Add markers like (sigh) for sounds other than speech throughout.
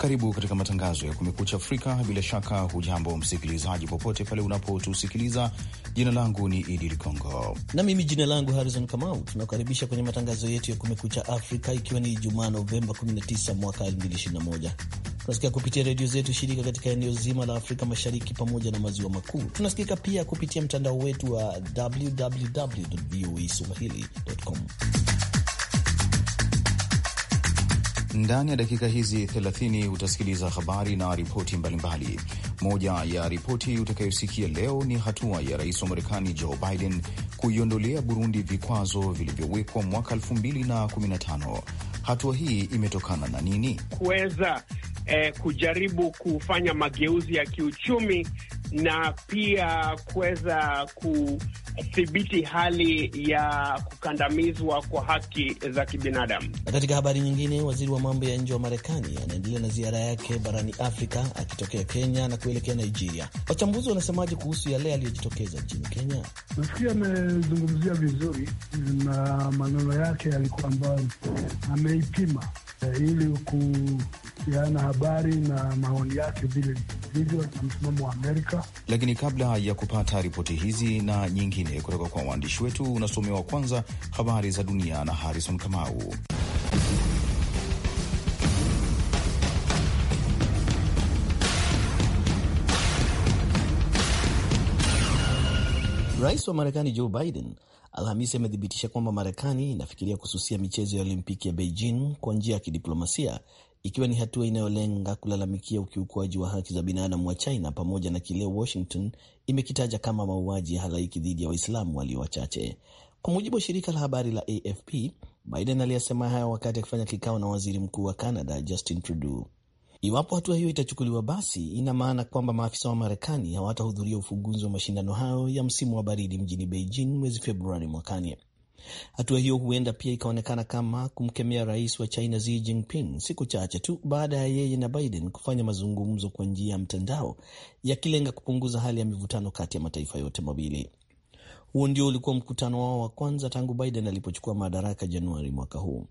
Karibu katika matangazo ya Kumekucha Afrika. Bila shaka hujambo msikilizaji, popote pale unapotusikiliza. Jina langu ni Idi Ligongo na mimi jina langu Harrison Kamau. Tunakaribisha kwenye matangazo yetu ya Kumekucha Afrika, ikiwa ni Ijumaa Novemba 19 mwaka 2021. Tunasikia kupitia redio zetu shirika katika eneo zima la Afrika Mashariki pamoja na maziwa makuu. Tunasikika pia kupitia mtandao wetu wa www voa swahili.com. Ndani ya dakika hizi 30 utasikiliza habari na ripoti mbalimbali. Moja ya ripoti utakayosikia leo ni hatua ya rais wa Marekani Joe Biden kuiondolea Burundi vikwazo vilivyowekwa mwaka 2015. Hatua hii imetokana na nini? Kuweza eh, kujaribu kufanya mageuzi ya kiuchumi na pia kuweza ku kudhibiti hali ya kukandamizwa kwa haki za kibinadamu. Na katika habari nyingine, waziri wa mambo ya nje wa Marekani anaendelea na ziara yake barani Afrika akitokea Kenya na kuelekea Nigeria. Wachambuzi wanasemaje kuhusu yale yaliyojitokeza nchini Kenya? Nafikiri amezungumzia vizuri na maneno yake yalikuwa ambayo ameipima eh, ili ku kuhusiana habari na maoni yake vile vilivyo na msimamo wa Amerika. Lakini kabla ya kupata ripoti hizi na nyingine kutoka kwa waandishi wetu, unasomewa kwanza habari za dunia na Harrison Kamau. Rais wa Marekani Joe Biden Alhamisi amethibitisha kwamba Marekani inafikiria kususia michezo ya Olimpiki ya Beijing kwa njia ya kidiplomasia ikiwa ni hatua inayolenga kulalamikia ukiukwaji wa haki za binadamu wa China pamoja na kile Washington imekitaja kama mauaji ya halaiki dhidi ya Waislamu walio wachache. Kwa mujibu wa shirika la habari la AFP, Biden aliyesema hayo wakati akifanya kikao na waziri mkuu wa Canada Justin Trudeau. Iwapo hatua hiyo itachukuliwa, basi ina maana kwamba maafisa wa Marekani hawatahudhuria ufunguzi wa mashindano hayo ya msimu wa baridi mjini Beijing mwezi Februari mwakani. Hatua hiyo huenda pia ikaonekana kama kumkemea rais wa China Xi Jinping siku chache tu baada ya yeye na Biden kufanya mazungumzo kwa njia ya mtandao yakilenga kupunguza hali ya mivutano kati ya mataifa yote mawili. Huo ndio ulikuwa mkutano wao wa kwanza tangu Biden alipochukua madaraka Januari mwaka huu.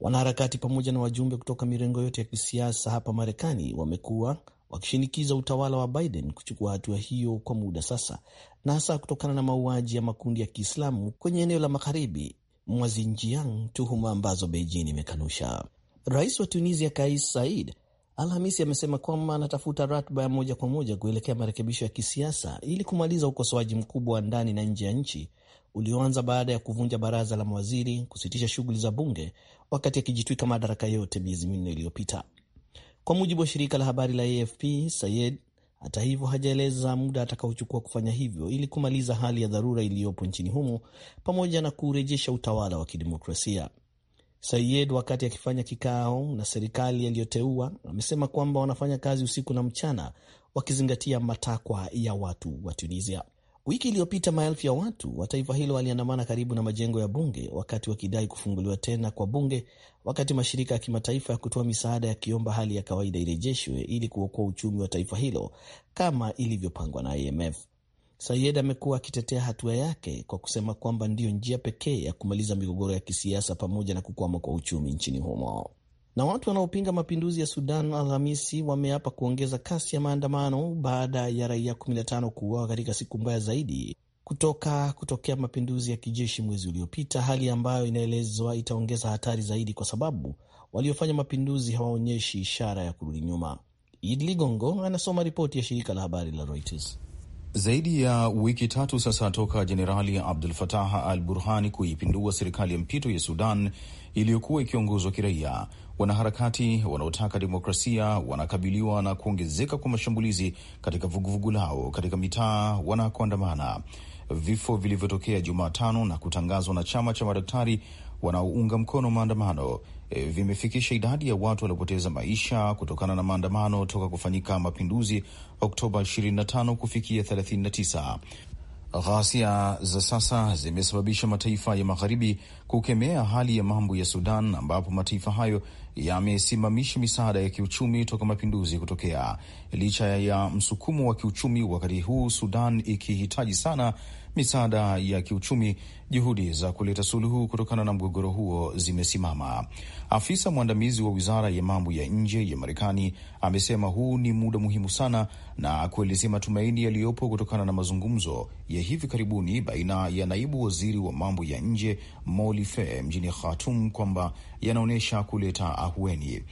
Wanaharakati pamoja na wajumbe kutoka mirengo yote ya kisiasa hapa Marekani wamekuwa wakishinikiza utawala wa Biden kuchukua hatua hiyo kwa muda sasa, na hasa kutokana na mauaji ya makundi ya Kiislamu kwenye eneo la magharibi mwa Xinjiang, tuhuma ambazo Beijing imekanusha. Rais wa Tunisia Kais Said Alhamisi amesema kwamba anatafuta ratiba ya moja kwa moja kuelekea marekebisho ya kisiasa ili kumaliza ukosoaji mkubwa wa ndani na nje ya nchi ulioanza baada ya kuvunja baraza la mawaziri, kusitisha shughuli za bunge, wakati akijitwika madaraka yote miezi minne iliyopita kwa mujibu wa shirika la habari la AFP. Sayed hata hivyo hajaeleza muda atakaochukua kufanya hivyo ili kumaliza hali ya dharura iliyopo nchini humo pamoja na kurejesha utawala wa kidemokrasia. Sayed wakati akifanya kikao na serikali yaliyoteua amesema kwamba wanafanya kazi usiku na mchana wakizingatia matakwa ya watu wa Tunisia. Wiki iliyopita maelfu ya watu wa taifa hilo waliandamana karibu na majengo ya bunge wakati wakidai kufunguliwa tena kwa bunge, wakati mashirika ya kimataifa ya kutoa misaada yakiomba hali ya kawaida irejeshwe ili kuokoa uchumi wa taifa hilo kama ilivyopangwa na IMF. Sayed amekuwa akitetea hatua yake kwa kusema kwamba ndiyo njia pekee ya kumaliza migogoro ya kisiasa pamoja na kukwama kwa uchumi nchini humo. Na watu wanaopinga mapinduzi ya Sudan Alhamisi wameapa kuongeza kasi ya maandamano baada ya raia 15 kuuawa katika siku mbaya zaidi kutoka kutokea mapinduzi ya kijeshi mwezi uliopita, hali ambayo inaelezwa itaongeza hatari zaidi kwa sababu waliofanya mapinduzi hawaonyeshi ishara ya kurudi nyuma. Idi Ligongo anasoma ripoti ya shirika la habari la Reuters. Zaidi ya wiki tatu sasa toka Jenerali Abdul Fatah al Burhani kuipindua serikali ya mpito ya Sudan iliyokuwa ikiongozwa kiraia, Wanaharakati wanaotaka demokrasia wanakabiliwa na kuongezeka kwa mashambulizi katika vuguvugu lao katika mitaa wanakoandamana. Vifo vilivyotokea Jumatano na kutangazwa na chama cha madaktari wanaounga mkono maandamano e, vimefikisha idadi ya watu waliopoteza maisha kutokana na maandamano toka kufanyika mapinduzi Oktoba 25 kufikia 39. Ghasia za sasa zimesababisha mataifa ya magharibi kukemea hali ya mambo ya Sudan, ambapo mataifa hayo yamesimamisha misaada ya kiuchumi toka mapinduzi kutokea, licha ya msukumo wa kiuchumi wakati huu Sudan ikihitaji sana misaada ya kiuchumi juhudi za kuleta suluhu kutokana na mgogoro huo zimesimama. Afisa mwandamizi wa wizara ya mambo ya nje ya Marekani amesema huu ni muda muhimu sana, na kuelezea matumaini yaliyopo kutokana na mazungumzo ya hivi karibuni baina ya naibu waziri wa mambo ya nje Molife mjini Khartoum kwamba yanaonyesha kuleta ahueni.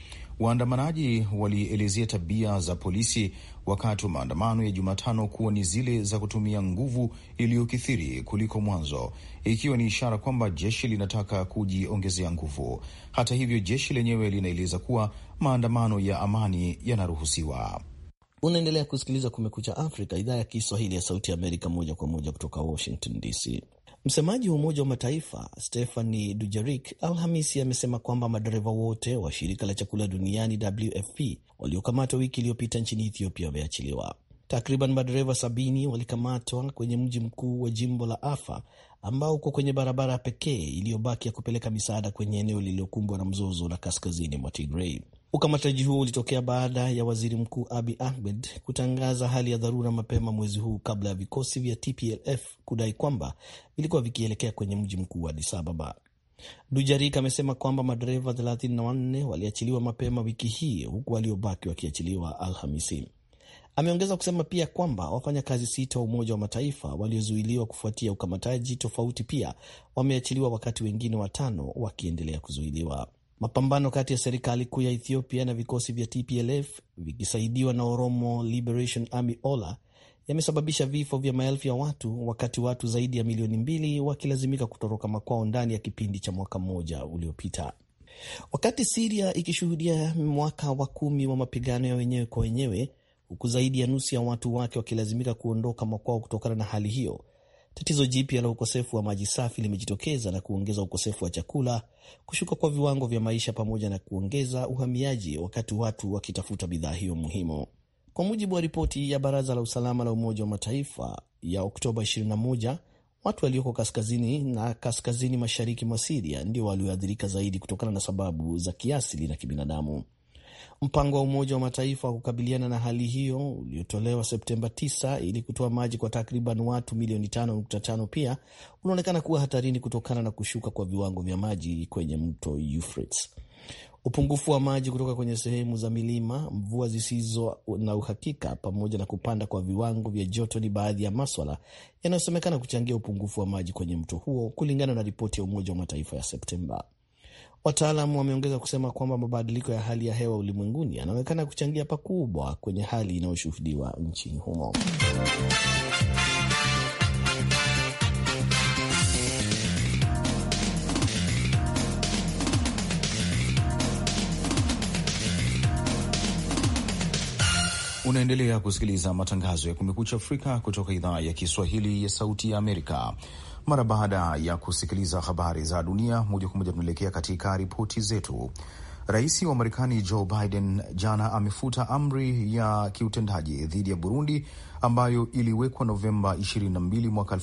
Waandamanaji walielezea tabia za polisi wakati wa maandamano ya Jumatano kuwa ni zile za kutumia nguvu iliyokithiri kuliko mwanzo, ikiwa ni ishara kwamba jeshi linataka kujiongezea nguvu. Hata hivyo, jeshi lenyewe linaeleza kuwa maandamano ya amani yanaruhusiwa. Unaendelea kusikiliza Kumekucha Afrika, idhaa ya Kiswahili ya Sauti ya Amerika, moja kwa moja kutoka Washington DC. Msemaji wa Umoja wa Mataifa stephani dujerik Alhamisi amesema kwamba madereva wote wa shirika la chakula duniani WFP waliokamatwa wiki iliyopita nchini Ethiopia wameachiliwa. Takriban madereva sabini walikamatwa kwenye mji mkuu wa jimbo la afa ambao uko kwenye barabara pekee iliyobaki ya kupeleka misaada kwenye eneo lililokumbwa na mzozo la kaskazini mwa tigrei Ukamataji huo ulitokea baada ya waziri mkuu Abi Ahmed kutangaza hali ya dharura mapema mwezi huu kabla ya vikosi vya TPLF kudai kwamba vilikuwa vikielekea kwenye mji mkuu wa Addis Ababa. Dujarik amesema kwamba madereva 34 waliachiliwa mapema wiki hii huku waliobaki wakiachiliwa Alhamisi. Ameongeza kusema pia kwamba wafanyakazi sita wa Umoja wa Mataifa waliozuiliwa kufuatia ukamataji tofauti pia wameachiliwa wakati wengine watano wakiendelea kuzuiliwa. Mapambano kati ya serikali kuu ya Ethiopia na vikosi vya TPLF vikisaidiwa na Oromo Liberation Army OLA yamesababisha vifo vya maelfu ya watu wakati watu zaidi ya milioni mbili wakilazimika kutoroka makwao ndani ya kipindi cha mwaka mmoja uliopita. Wakati Siria ikishuhudia mwaka wa kumi wa mapigano ya wenyewe kwa wenyewe, huku zaidi ya nusu ya watu wake wakilazimika kuondoka makwao kutokana na hali hiyo, Tatizo jipya la ukosefu wa maji safi limejitokeza na kuongeza ukosefu wa chakula, kushuka kwa viwango vya maisha, pamoja na kuongeza uhamiaji, wakati watu wakitafuta bidhaa hiyo muhimu. Kwa mujibu wa ripoti ya Baraza la Usalama la Umoja wa Mataifa ya Oktoba 21, watu walioko kaskazini na kaskazini mashariki mwa Siria ndio walioathirika zaidi kutokana na sababu za kiasili na kibinadamu. Mpango wa Umoja wa Mataifa wa kukabiliana na hali hiyo uliotolewa Septemba 9 ili kutoa maji kwa takriban watu milioni 5.5 pia unaonekana kuwa hatarini kutokana na kushuka kwa viwango vya maji kwenye mto Euphrates. Upungufu wa maji kutoka kwenye sehemu za milima, mvua zisizo na uhakika, pamoja na kupanda kwa viwango vya joto ni baadhi ya maswala yanayosemekana kuchangia upungufu wa maji kwenye mto huo, kulingana na ripoti ya Umoja wa Mataifa ya Septemba. Wataalamu wameongeza kusema kwamba mabadiliko ya hali ya hewa ulimwenguni yanaonekana kuchangia pakubwa kwenye hali inayoshuhudiwa nchini humo. Unaendelea kusikiliza matangazo ya Kumekucha Afrika kutoka idhaa ya Kiswahili ya Sauti ya Amerika. Mara baada ya kusikiliza habari za dunia moja kwa moja, tunaelekea katika ripoti zetu. Rais wa Marekani Joe Biden jana amefuta amri ya kiutendaji dhidi ya Burundi ambayo iliwekwa Novemba 22 mwaka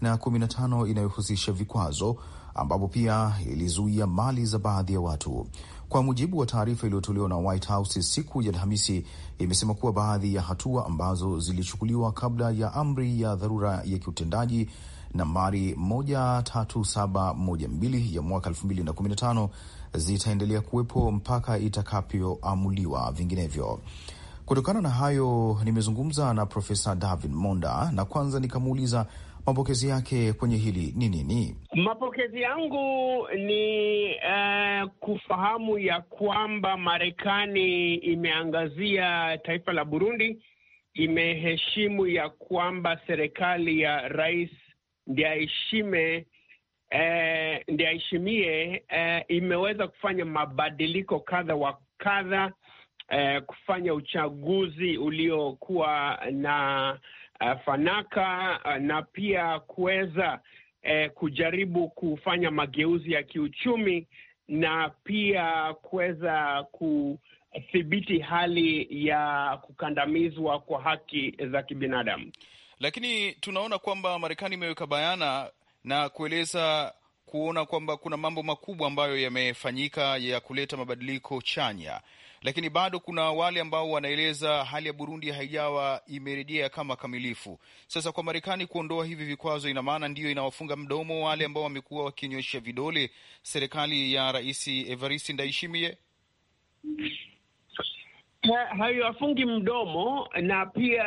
2015 inayohusisha vikwazo, ambapo pia ilizuia mali za baadhi ya watu. Kwa mujibu wa taarifa iliyotolewa na White House siku ya Alhamisi, imesema kuwa baadhi ya hatua ambazo zilichukuliwa kabla ya amri ya dharura ya kiutendaji nambari 13712 ya mwaka 2015 zitaendelea kuwepo mpaka itakapoamuliwa vinginevyo. Kutokana na hayo, nimezungumza na Profesa Davin Monda na kwanza nikamuuliza mapokezi yake kwenye hili ni nini? Mapokezi yangu ni uh, kufahamu ya kwamba Marekani imeangazia taifa la Burundi, imeheshimu ya kwamba serikali ya Rais ndio aheshime eh, ndio aheshimie eh, imeweza kufanya mabadiliko kadha wa kadha eh, kufanya uchaguzi uliokuwa na eh, fanaka eh, na pia kuweza eh, kujaribu kufanya mageuzi ya kiuchumi na pia kuweza kudhibiti hali ya kukandamizwa kwa haki za kibinadamu lakini tunaona kwamba Marekani imeweka bayana na kueleza kuona kwamba kuna mambo makubwa ambayo yamefanyika ya kuleta mabadiliko chanya, lakini bado kuna wale ambao wanaeleza hali ya Burundi haijawa imerejea kama kamilifu. Sasa kwa Marekani kuondoa hivi vikwazo, ina maana ndiyo inawafunga mdomo wale ambao wamekuwa wakinyoshia vidole serikali ya Rais Evariste Ndayishimiye hayafungi mdomo, na pia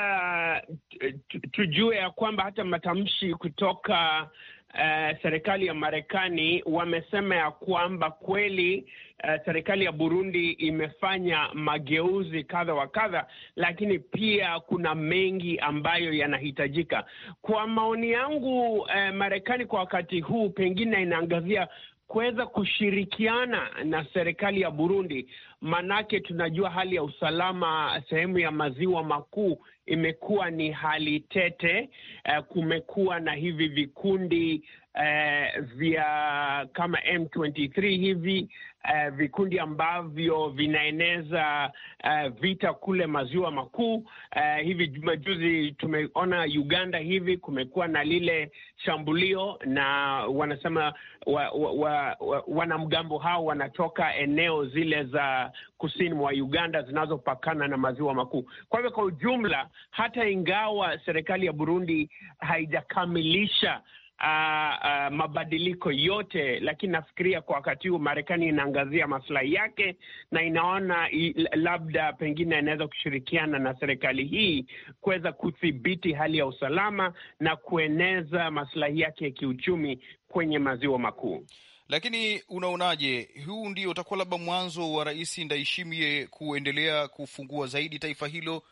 tujue ya kwamba hata matamshi kutoka uh, serikali ya Marekani wamesema ya kwamba kweli uh, serikali ya Burundi imefanya mageuzi kadha wa kadha, lakini pia kuna mengi ambayo yanahitajika. Kwa maoni yangu, uh, Marekani kwa wakati huu pengine inaangazia kuweza kushirikiana na serikali ya Burundi, manake tunajua hali ya usalama sehemu ya maziwa makuu imekuwa ni hali tete. Uh, kumekuwa na hivi vikundi Eh, vya kama M23 hivi eh, vikundi ambavyo vinaeneza eh, vita kule maziwa makuu. Eh, hivi majuzi tumeona Uganda hivi kumekuwa na lile shambulio na wanasema wa, wa, wa, wa, wanamgambo hao wanatoka eneo zile za kusini mwa Uganda zinazopakana na maziwa makuu. Kwa hivyo kwa ujumla, hata ingawa serikali ya Burundi haijakamilisha uh, uh, mabadiliko yote, lakini nafikiria kwa wakati huu Marekani inaangazia maslahi yake na inaona i, labda pengine inaweza kushirikiana na serikali hii kuweza kudhibiti hali ya usalama na kueneza maslahi yake ya kiuchumi kwenye maziwa makuu. Lakini unaonaje, huu ndio utakuwa labda mwanzo wa Rais Ndayishimiye kuendelea kufungua zaidi taifa hilo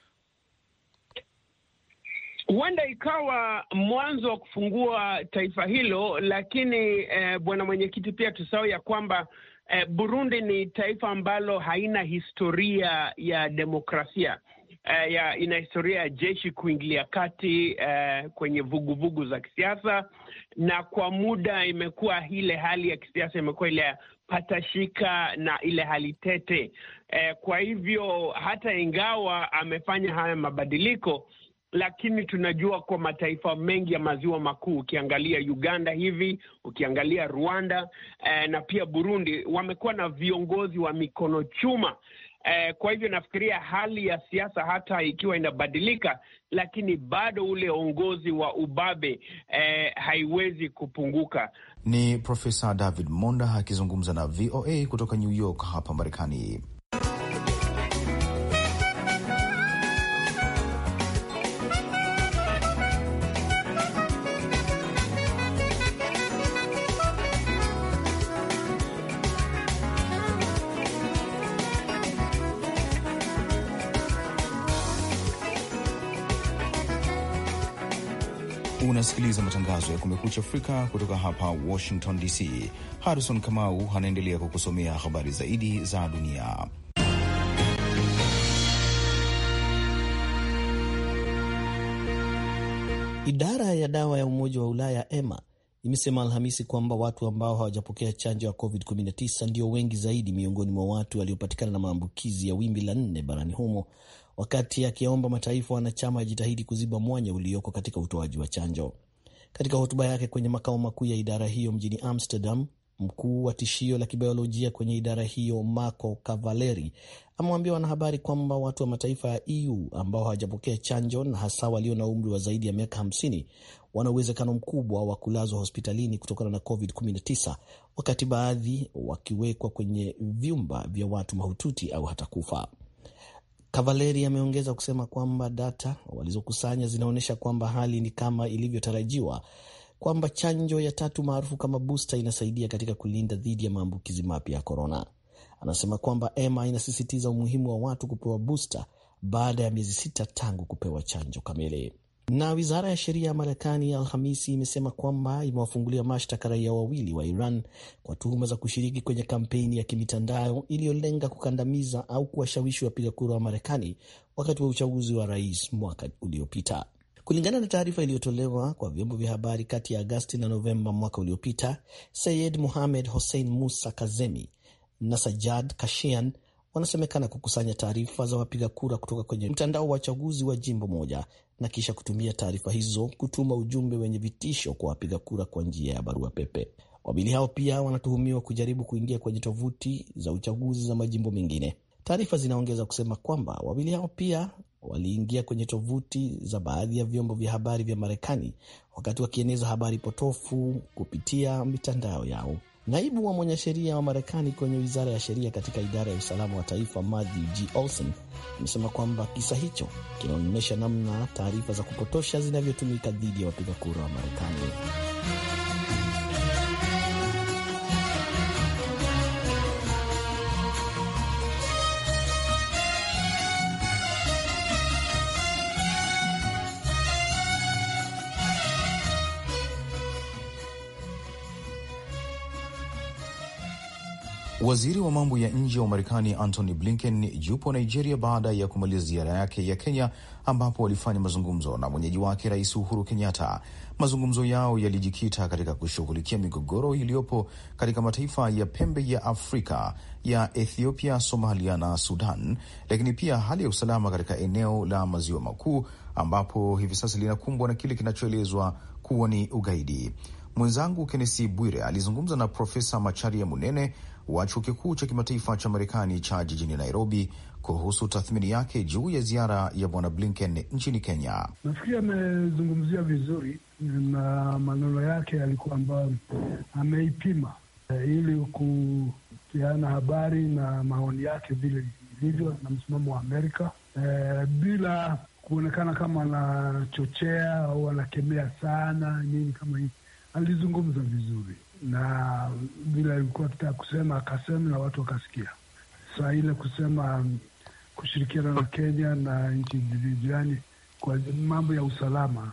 huenda ikawa mwanzo wa kufungua taifa hilo, lakini eh, bwana mwenyekiti, pia tusahau ya kwamba eh, Burundi ni taifa ambalo haina historia ya demokrasia eh, ya, ina historia ya jeshi kuingilia kati eh, kwenye vuguvugu vugu za kisiasa, na kwa muda imekuwa ile hali ya kisiasa imekuwa ile patashika na ile hali tete eh, kwa hivyo hata ingawa amefanya haya mabadiliko lakini tunajua kwa mataifa mengi ya maziwa makuu, ukiangalia Uganda hivi, ukiangalia Rwanda eh, na pia Burundi, wamekuwa na viongozi wa mikono chuma. Eh, kwa hivyo nafikiria hali ya siasa hata ikiwa inabadilika, lakini bado ule uongozi wa ubabe eh, haiwezi kupunguka. Ni Profesa David Monda akizungumza na VOA kutoka New York hapa Marekani. Unasikiliza matangazo ya Kumekucha Afrika kutoka hapa Washington DC. Harrison Kamau anaendelea kukusomea habari zaidi za dunia. Idara ya dawa ya Umoja wa Ulaya EMA imesema Alhamisi kwamba watu ambao hawajapokea chanjo ya COVID-19 ndio wengi zaidi miongoni mwa watu waliopatikana na maambukizi ya wimbi la nne barani humo, wakati akiyaomba mataifa wanachama yajitahidi kuziba mwanya ulioko katika utoaji wa chanjo. Katika hotuba yake kwenye makao makuu ya idara hiyo mjini Amsterdam, mkuu wa tishio la kibiolojia kwenye idara hiyo Marco Cavaleri amewaambia wanahabari kwamba watu wa mataifa ya EU ambao hawajapokea chanjo na hasa walio na umri wa zaidi ya miaka 50 wana uwezekano mkubwa wa kulazwa hospitalini kutokana na COVID-19, wakati baadhi wakiwekwa kwenye vyumba vya watu mahututi au hata kufa. Cavaleri ameongeza kusema kwamba data walizokusanya zinaonyesha kwamba hali ni kama ilivyotarajiwa kwamba chanjo ya tatu maarufu kama busta inasaidia katika kulinda dhidi ya maambukizi mapya ya korona. Anasema kwamba EMA inasisitiza umuhimu wa watu kupewa busta baada ya miezi sita tangu kupewa chanjo kamili. Na wizara ya sheria ya Marekani Alhamisi imesema kwamba imewafungulia mashtaka raia wawili wa Iran kwa tuhuma za kushiriki kwenye kampeni ya kimitandao iliyolenga kukandamiza au kuwashawishi wapiga kura wa Marekani wakati wa uchaguzi wa rais mwaka uliopita. Kulingana na taarifa iliyotolewa kwa vyombo vya habari kati ya Agasti na Novemba mwaka uliopita, Sayed muhamed Hossein Musa Kazemi na Sajad Kashian wanasemekana kukusanya taarifa za wapiga kura kutoka kwenye mtandao wa chaguzi wa jimbo moja na kisha kutumia taarifa hizo kutuma ujumbe wenye vitisho kwa wapiga kura kwa njia ya barua pepe. Wawili hao pia wanatuhumiwa kujaribu kuingia kwenye tovuti za uchaguzi za majimbo mengine. Taarifa zinaongeza kusema kwamba wawili hao pia waliingia kwenye tovuti za baadhi ya vyombo vya habari vya Marekani wakati wakieneza habari potofu kupitia mitandao yao. Naibu wa mwanasheria wa Marekani kwenye wizara ya sheria katika idara ya usalama wa taifa Matthew G. Olson amesema kwamba kisa hicho kinaonyesha namna taarifa za kupotosha zinavyotumika dhidi ya wapiga kura wa Marekani. Waziri wa mambo ya nje wa Marekani Antony Blinken yupo Nigeria baada ya kumaliza ziara yake ya Kenya, ambapo walifanya mazungumzo na mwenyeji wake Rais Uhuru Kenyatta. Mazungumzo yao yalijikita katika kushughulikia migogoro iliyopo katika mataifa ya pembe ya Afrika ya Ethiopia, Somalia na Sudan, lakini pia hali ya usalama katika eneo la maziwa makuu ambapo hivi sasa linakumbwa na kile kinachoelezwa kuwa ni ugaidi. Mwenzangu Kennesi Bwire alizungumza na Profesa Macharia Munene wa chuo kikuu cha kimataifa cha Marekani cha jijini Nairobi kuhusu tathmini yake juu ya ziara ya bwana Blinken nchini Kenya. Nafikiri amezungumzia vizuri na maneno yake yalikuwa kwamba ameipima eh, ili kupeana habari na maoni yake vile ilivyo na msimamo wa Amerika e, bila kuonekana kama anachochea au anakemea sana nini kama hii, Alizungumza vizuri na vile alikuwa akitaka kusema akasema, na watu wakasikia. Saa ile kusema um, kushirikiana na Kenya na nchi jirani kwa mambo ya usalama,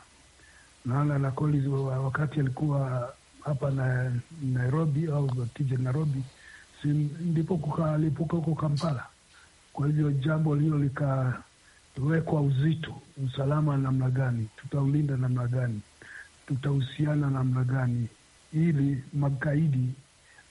naona na Collins wakati alikuwa hapa na Nairobi au akija Nairobi, si ndipo kukalipuka huko Kampala. Kwa hivyo jambo lilo likawekwa uzito, usalama namna gani, tutaulinda namna gani, tutahusiana namna gani ili magaidi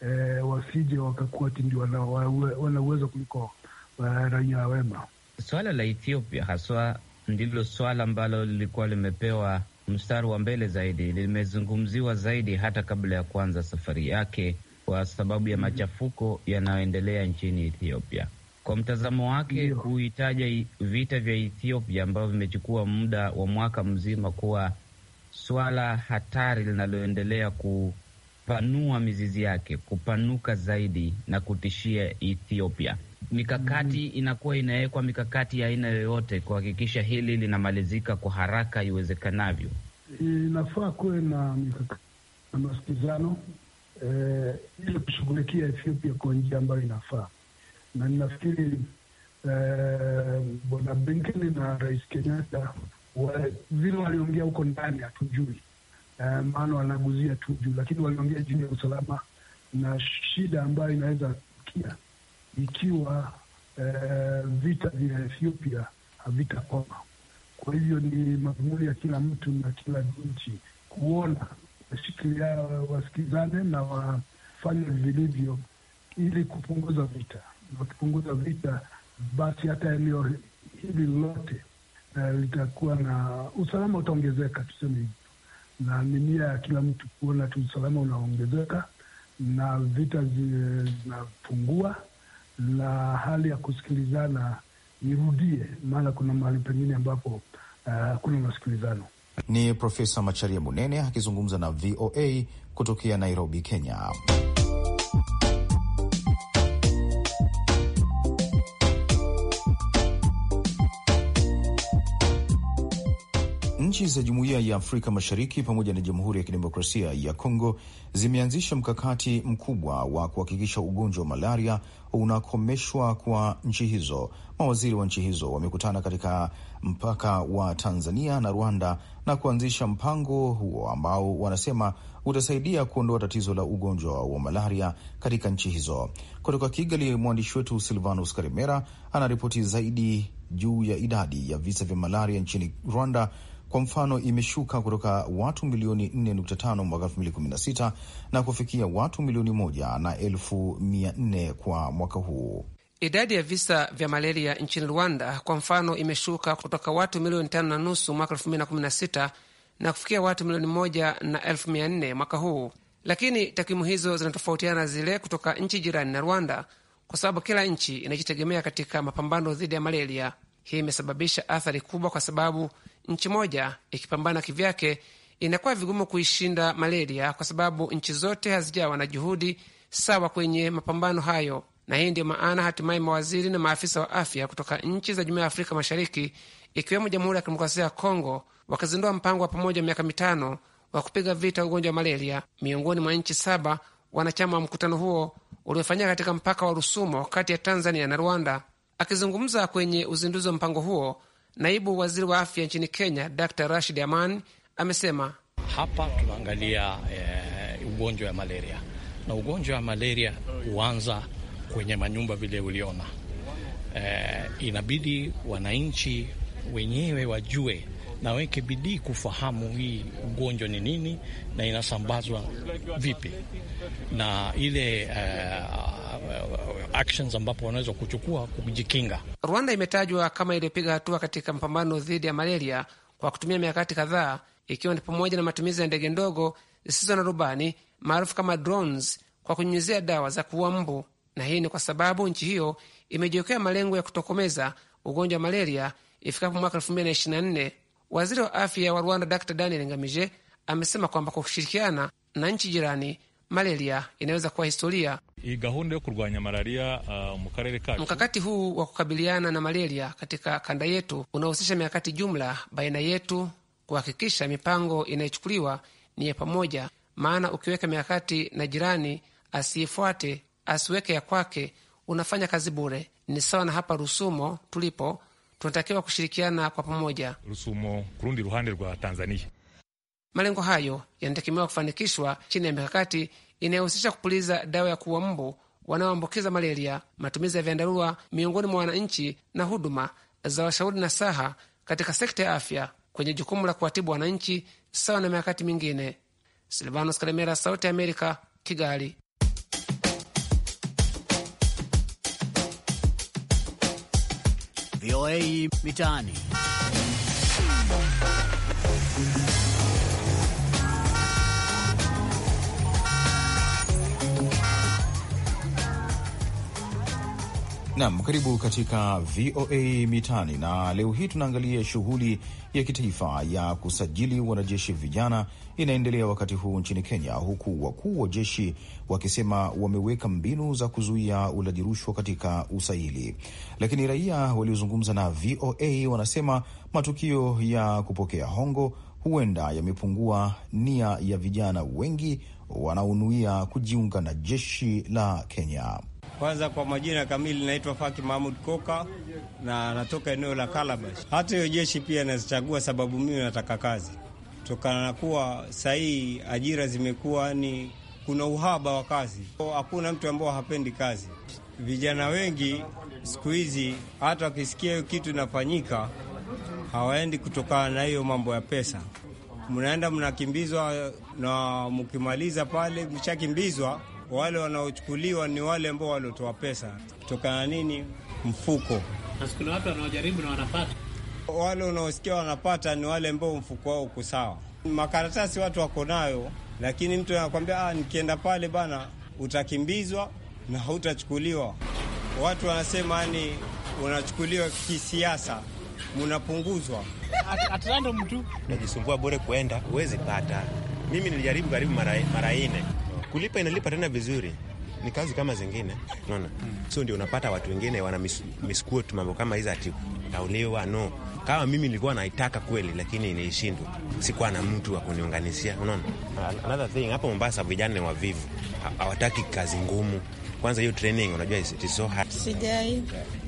e, wasije wakakuwa tindi wana uwezo kuliko eh, raia wema. Swala la Ethiopia haswa ndilo swala ambalo lilikuwa limepewa mstari wa mbele zaidi, limezungumziwa zaidi hata kabla ya kuanza safari yake, kwa sababu ya mhm. machafuko yanayoendelea nchini Ethiopia. Kwa mtazamo wake, huhitaja vita vya Ethiopia ambavyo vimechukua muda wa mwaka mzima kuwa swala hatari linaloendelea kupanua mizizi yake, kupanuka zaidi na kutishia Ethiopia. Mikakati mm. inakuwa inawekwa mikakati ya aina yoyote kuhakikisha hili linamalizika kwa haraka iwezekanavyo. E, inafaa kuwe na mikakati na masikizano eh, ili kushughulikia Ethiopia kwa njia ambayo inafaa, na ninafikiri eh, Bwana Blinken na Rais Kenyatta vile waliongea huko ndani hatujui, uh, maana wanaguzia tu juu, lakini waliongea juu ya usalama na shida ambayo inaweza kia ikiwa eh, vita vya Ethiopia havitakoma. Kwa hivyo ni madhumuni ya kila mtu na kila nchi kuona washikilia, wasikizane na wafanye vilivyo ili kupunguza vita. Wakipunguza vita, basi hata eneo hili lote eh, litakuwa na usalama utaongezeka, tuseme hivyo, na ni nia ya kila mtu kuona tu usalama unaongezeka na vita zinapungua na hali ya kusikilizana irudie, maana kuna mahali pengine ambapo eh, hakuna uh, masikilizano. Ni Profesa Macharia Munene akizungumza na VOA kutokea Nairobi, Kenya. Nchi za Jumuiya ya Afrika Mashariki pamoja na Jamhuri ya Kidemokrasia ya Kongo zimeanzisha mkakati mkubwa wa kuhakikisha ugonjwa wa malaria unakomeshwa kwa nchi hizo. Mawaziri wa nchi hizo wamekutana katika mpaka wa Tanzania na Rwanda na kuanzisha mpango huo ambao wanasema utasaidia kuondoa tatizo la ugonjwa wa malaria katika nchi hizo. Kutoka Kigali, mwandishi wetu Silvanus Karimera anaripoti zaidi juu ya idadi ya visa vya malaria nchini Rwanda kwa mfano imeshuka kutoka watu milioni 4.5 mwaka 2016 na kufikia watu milioni moja na elfu mia nne kwa mwaka huu. Idadi ya visa vya malaria nchini Rwanda kwa mfano imeshuka kutoka watu milioni tano na nusu mwaka 2016 na kufikia watu milioni moja na elfu mia nne mwaka huu, lakini takwimu hizo zinatofautiana zile kutoka nchi jirani na Rwanda kwa sababu kila nchi inajitegemea katika mapambano dhidi ya malaria. Hii imesababisha athari kubwa kwa sababu nchi moja ikipambana kivyake inakuwa vigumu kuishinda malaria kwa sababu nchi zote hazijawa na juhudi sawa kwenye mapambano hayo, na hii ndiyo maana hatimaye mawaziri na maafisa wa afya kutoka nchi za Jumuiya ya Afrika Mashariki ikiwemo Jamhuri ya Kidemokrasia ya Kongo wakizindua mpango wa pamoja wa miaka mitano wa kupiga vita ugonjwa wa malaria miongoni mwa nchi saba wanachama wa mkutano huo uliofanyika katika mpaka wa Rusumo kati ya Tanzania na Rwanda. Akizungumza kwenye uzinduzi wa mpango huo Naibu waziri wa afya nchini Kenya Dr Rashid Aman amesema hapa tunaangalia eh, ugonjwa wa malaria na ugonjwa wa malaria huanza kwenye manyumba vile uliona. Eh, inabidi wananchi wenyewe wajue na weke bidii kufahamu hii ugonjwa ni nini na inasambazwa vipi, na ile uh, actions ambapo wanaweza kuchukua kujikinga. Rwanda imetajwa kama iliyopiga hatua katika mapambano dhidi ya malaria kwa kutumia mikakati kadhaa, ikiwa ni pamoja na matumizi ya ndege ndogo zisizo na rubani maarufu kama drones kwa kunyunyizia dawa za kuua mbu, na hii ni kwa sababu nchi hiyo imejiwekea malengo ya kutokomeza ugonjwa wa malaria ifikapo mwaka 2024. Waziri wa afya wa Rwanda Dr Daniel Ngamije amesema kwamba kwa kushirikiana na nchi jirani malaria inaweza kuwa historia. Malaria, uh, mkakati huu wa kukabiliana na malaria katika kanda yetu unahusisha mikakati jumla baina yetu kuhakikisha mipango inayochukuliwa ni ya pamoja, maana ukiweka mikakati na jirani asiifuate asiweke ya kwake, unafanya kazi bure. Ni sawa na hapa Rusumo tulipo tunatakiwa kushirikiana kwa pamoja. Rusumo kurundi ruhande rwa Tanzania. Malengo hayo yanategemewa kufanikishwa chini ya mikakati inayohusisha kupuliza dawa ya kuua mbu wanaoambukiza malaria, matumizi ya vyandarua miongoni mwa wananchi na huduma za washauri na saha katika sekta ya afya kwenye jukumu la kuwatibu wananchi sawa na mikakati mingine. Silvanos Sauti ya Amerika, Kigali. VOA Mitaani. Nam, karibu katika VOA Mitaani, na leo hii tunaangalia shughuli ya kitaifa ya kusajili wanajeshi vijana inaendelea wakati huu nchini Kenya, huku wakuu wa jeshi wakisema wameweka mbinu za kuzuia ulaji rushwa katika usaili. Lakini raia waliozungumza na VOA wanasema matukio ya kupokea hongo huenda yamepungua nia ya vijana wengi wanaonuia kujiunga na jeshi la Kenya. Kwanza kwa majina kamili naitwa Faki Mahmud Koka na natoka eneo la Kalabash. Hata hiyo jeshi pia nazichagua sababu mimi nataka kazi, kutokana na kuwa sahii ajira zimekuwa ni kuna uhaba wa kazi. Hakuna mtu ambao hapendi kazi. Vijana wengi siku hizi hata wakisikia hiyo kitu inafanyika hawaendi kutokana na hiyo mambo ya pesa. Mnaenda mnakimbizwa, na mkimaliza pale mshakimbizwa wale wanaochukuliwa ni wale ambao waliotoa pesa kutokana na nini mfuko. Kuna watu wanaojaribu na wanapata, wale unaosikia wanapata ni wale ambao mfuko wao uko sawa. Makaratasi watu wako nayo, lakini mtu anakwambia ah, nikienda pale bana, utakimbizwa na hautachukuliwa. Watu wanasema yani unachukuliwa kisiasa, munapunguzwa atlando najisumbua bure kuenda, huwezi pata. Mimi nilijaribu karibu mara nne kulipa inalipa tena vizuri, ni kazi kama zingine, unaona. So ndio unapata watu wengine wana misquote mambo kama hizo, ati kauliwa no. Kama mimi nilikuwa naitaka kweli, lakini nilishindwa, sikuwa na mtu wa kuniunganishia, unaona. Another thing hapo Mombasa, vijana ni wavivu, hawataki kazi ngumu. Kwanza hiyo training, unajua it is so hard. Sijai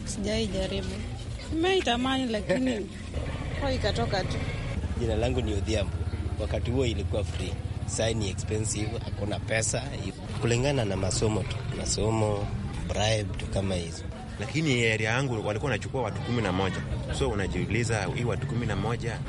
sijai jaribu, nimeitamani lakini (laughs) ikatoka tu. Jina langu ni Odhiambo, wakati huo ilikuwa free sai ni expensive, hakuna pesa, kulingana na masomo tu, masomo bribe tu kama hizo lakini area yangu walikuwa wanachukua watu kumi na moja so unajiuliza hii watu kumi na moja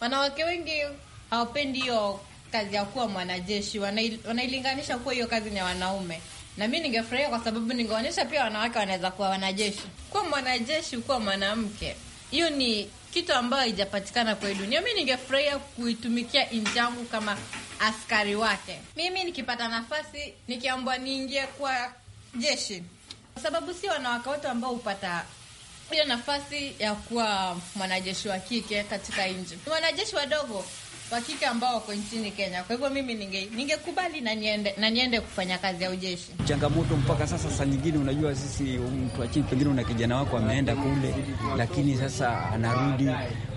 wanawake wengi hawapendi hiyo kazi ya kuwa mwanajeshi, wanailinganisha kuwa hiyo kazi ni ya wanaume, na mi ningefurahia kwa sababu ningeonyesha pia wanawake wanaweza kuwa wanajeshi. Kuwa mwanajeshi, kuwa mwanamke, hiyo ni kitu ambayo haijapatikana kwa dunia. Mi ningefurahia kuitumikia nchi yangu kama askari wake. Mimi nikipata nafasi, nikiambwa niingie kwa jeshi, kwa sababu si wanawake wote ambao hupata hiyo nafasi ya kuwa mwanajeshi wa kike katika nchi. Wanajeshi wadogo kike ambao wako nchini Kenya. Kwa hivyo mimi ningekubali ninge na niende na niende kufanya kazi ya ujeshi. Changamoto mpaka sasa, saa nyingine, unajua sisi um, mtu achini, pengine una kijana wako ameenda kule, lakini sasa anarudi,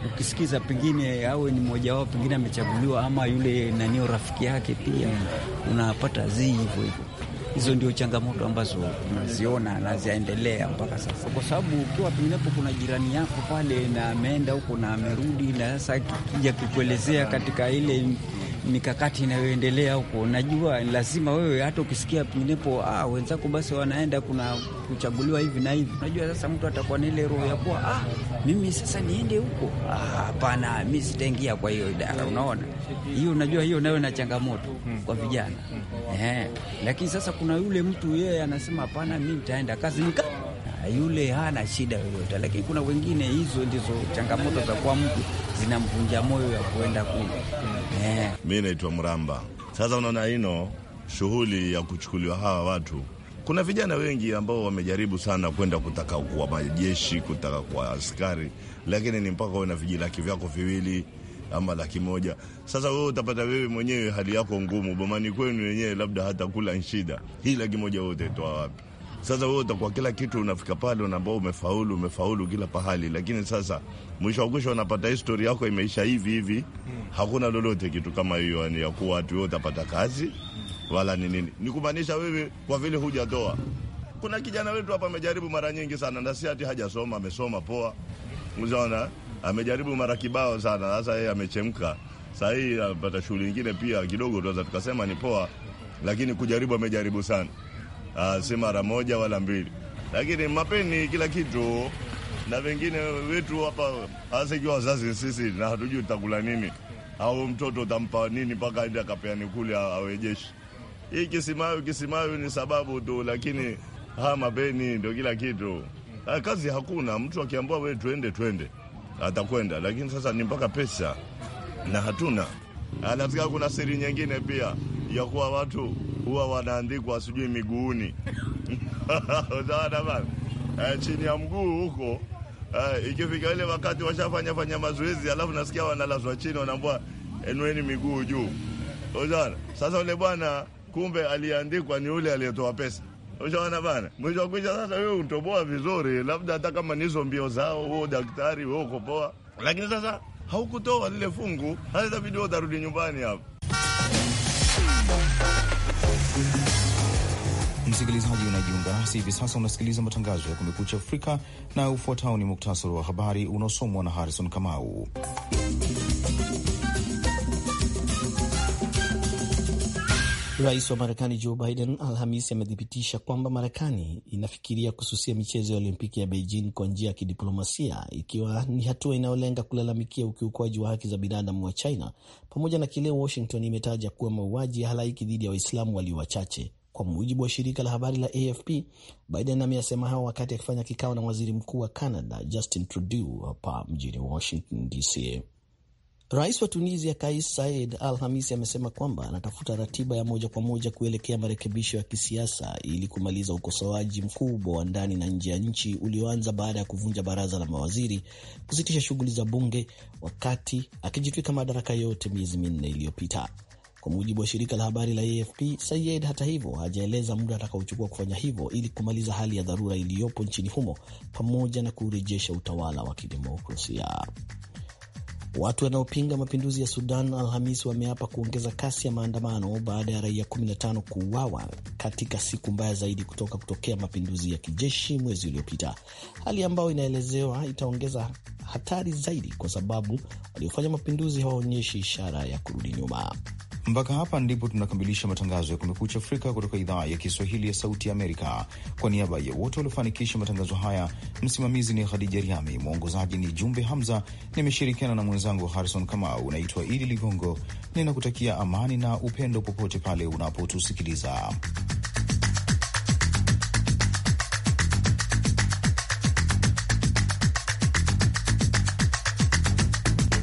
ukisikiza pengine awe ni mmoja wao, pengine amechaguliwa ama yule nanio rafiki yake, pia unapata zii hivyo hivyo. Hizo ndio changamoto ambazo naziona na zaendelea mpaka sasa, kwa sababu ukiwa penginepo kuna jirani yako pale na ameenda huko na amerudi, na sasa kija kukuelezea katika ile mikakati inayoendelea huko. Najua lazima wewe hata ukisikia penginepo, ah, wenzako basi wanaenda kuna kuchaguliwa hivi na hivi, unajua sasa mtu atakuwa na ile roho ya kuwa ah, mimi sasa niende huko, ah, hapana, ah, mi sitaingia kwa hiyo idara. Unaona hiyo, unajua hiyo nayo na changamoto kwa vijana eh, lakini sasa kuna yule mtu yeye anasema hapana, mi nitaenda kazi nika yule hana shida yoyote, lakini kuna wengine, hizo ndizo changamoto za kwa mtu zinamvunja moyo ya kuenda kule. Yeah. Mi naitwa Mramba. Sasa unaona hino shughuli ya kuchukuliwa hawa watu kuna vijana wengi ambao wamejaribu sana kwenda kutaka kuwa majeshi, kutaka kuwa askari, lakini ni mpaka uwe na vijilaki vyako viwili ama laki moja. Sasa wewe utapata wewe mwenyewe hali yako ngumu, bomani kwenu wenyewe, labda hata kula nshida. Hii laki moja wewe utaitoa wapi? Sasa wewe utakuwa kila kitu unafika pale unaambao umefaulu, umefaulu kila pahali, lakini sasa mwisho wa mwisho unapata historia yako imeisha hivi hivi, hmm. hakuna lolote kitu kama hiyo, yani ya kuwa watu wewe utapata kazi wala ni nini, ni kumaanisha wewe kwa vile hujatoa. Kuna kijana wetu hapa amejaribu mara nyingi sana, na si ati hajasoma, amesoma poa, unaona, amejaribu mara kibao sana. Sasa yeye amechemka saa hii, anapata shughuli nyingine pia kidogo, tunaweza tukasema ni poa, lakini kujaribu amejaribu sana ah, si mara moja wala mbili, lakini mapeni kila kitu na vengine wetu hapa, hasa wazazi sisi na hatujui tutakula nini au mtoto utampa nini mpaka aende akapeani kule awejeshi. Hii kisimayo kisimayo ni sababu tu, lakini haya mapeni ndio kila kitu. Ha, ah, kazi hakuna. Mtu akiambiwa wewe twende twende atakwenda, lakini sasa ni mpaka pesa na hatuna. Alafu ah, kuna siri nyingine pia ya kuwa watu huwa wanaandikwa sijui miguuni (laughs) eh, chini ya mguu huko eh, ikifika ile wakati washafanya fanya mazoezi, alafu nasikia wanalazwa chini, wanaambwa enweni miguu juu. Unaona, sasa ule bwana kumbe aliandikwa ni yule aliyetoa pesa. Ushaona bana, mwisho kwisha. Sasa wewe utoboa vizuri, labda hata kama ni hizo mbio zao, wewe daktari, wewe uko poa, lakini sasa haukutoa lile fungu, hata video utarudi nyumbani hapo. Msikilizaji unajiunga nasi hivi sasa, unasikiliza matangazo ya Kumekucha Afrika na ufuatao ni muktasari wa habari unaosomwa na Harrison Kamau. Rais wa Marekani Joe Biden Alhamisi amethibitisha kwamba Marekani inafikiria kususia michezo ya Olimpiki ya Beijing kwa njia ya kidiplomasia, ikiwa ni hatua inayolenga kulalamikia ukiukwaji wa haki za binadamu wa China pamoja na kile Washington imetaja kuwa mauaji ya halaiki dhidi ya Waislamu walio wachache. Kwa mujibu wa shirika la habari la AFP, Biden ameyasema hao wakati akifanya kikao na waziri mkuu wa Canada Justin Trudeau hapa mjini Washington DC. Rais wa Tunisia Kais Saied Alhamisi amesema kwamba anatafuta ratiba ya moja kwa moja kuelekea marekebisho ya kisiasa ili kumaliza ukosoaji mkubwa wa ndani na nje ya nchi ulioanza baada ya kuvunja baraza la mawaziri, kusitisha shughuli za bunge, wakati akijitwika madaraka yote miezi minne iliyopita kwa mujibu wa shirika la habari la AFP. Sayed hata hivyo hajaeleza muda atakaochukua kufanya hivyo ili kumaliza hali ya dharura iliyopo nchini humo pamoja na kurejesha utawala wa kidemokrasia. Watu wanaopinga mapinduzi ya Sudan Alhamisi wameapa kuongeza kasi ya maandamano baada ya raia 15 kuuawa katika siku mbaya zaidi kutoka kutokea mapinduzi ya kijeshi mwezi uliopita, hali ambayo inaelezewa itaongeza hatari zaidi kwa sababu waliofanya mapinduzi hawaonyeshi ishara ya kurudi nyuma. Mpaka hapa ndipo tunakamilisha matangazo ya Kumekucha Afrika kutoka idhaa ya Kiswahili ya Sauti ya Amerika. Kwa niaba ya wote waliofanikisha matangazo haya, msimamizi ni Khadija Riami, mwongozaji ni Jumbe Hamza. Nimeshirikiana na mwenzangu Harrison Kamau. unaitwa Idi Ligongo, ninakutakia amani na upendo popote pale unapotusikiliza.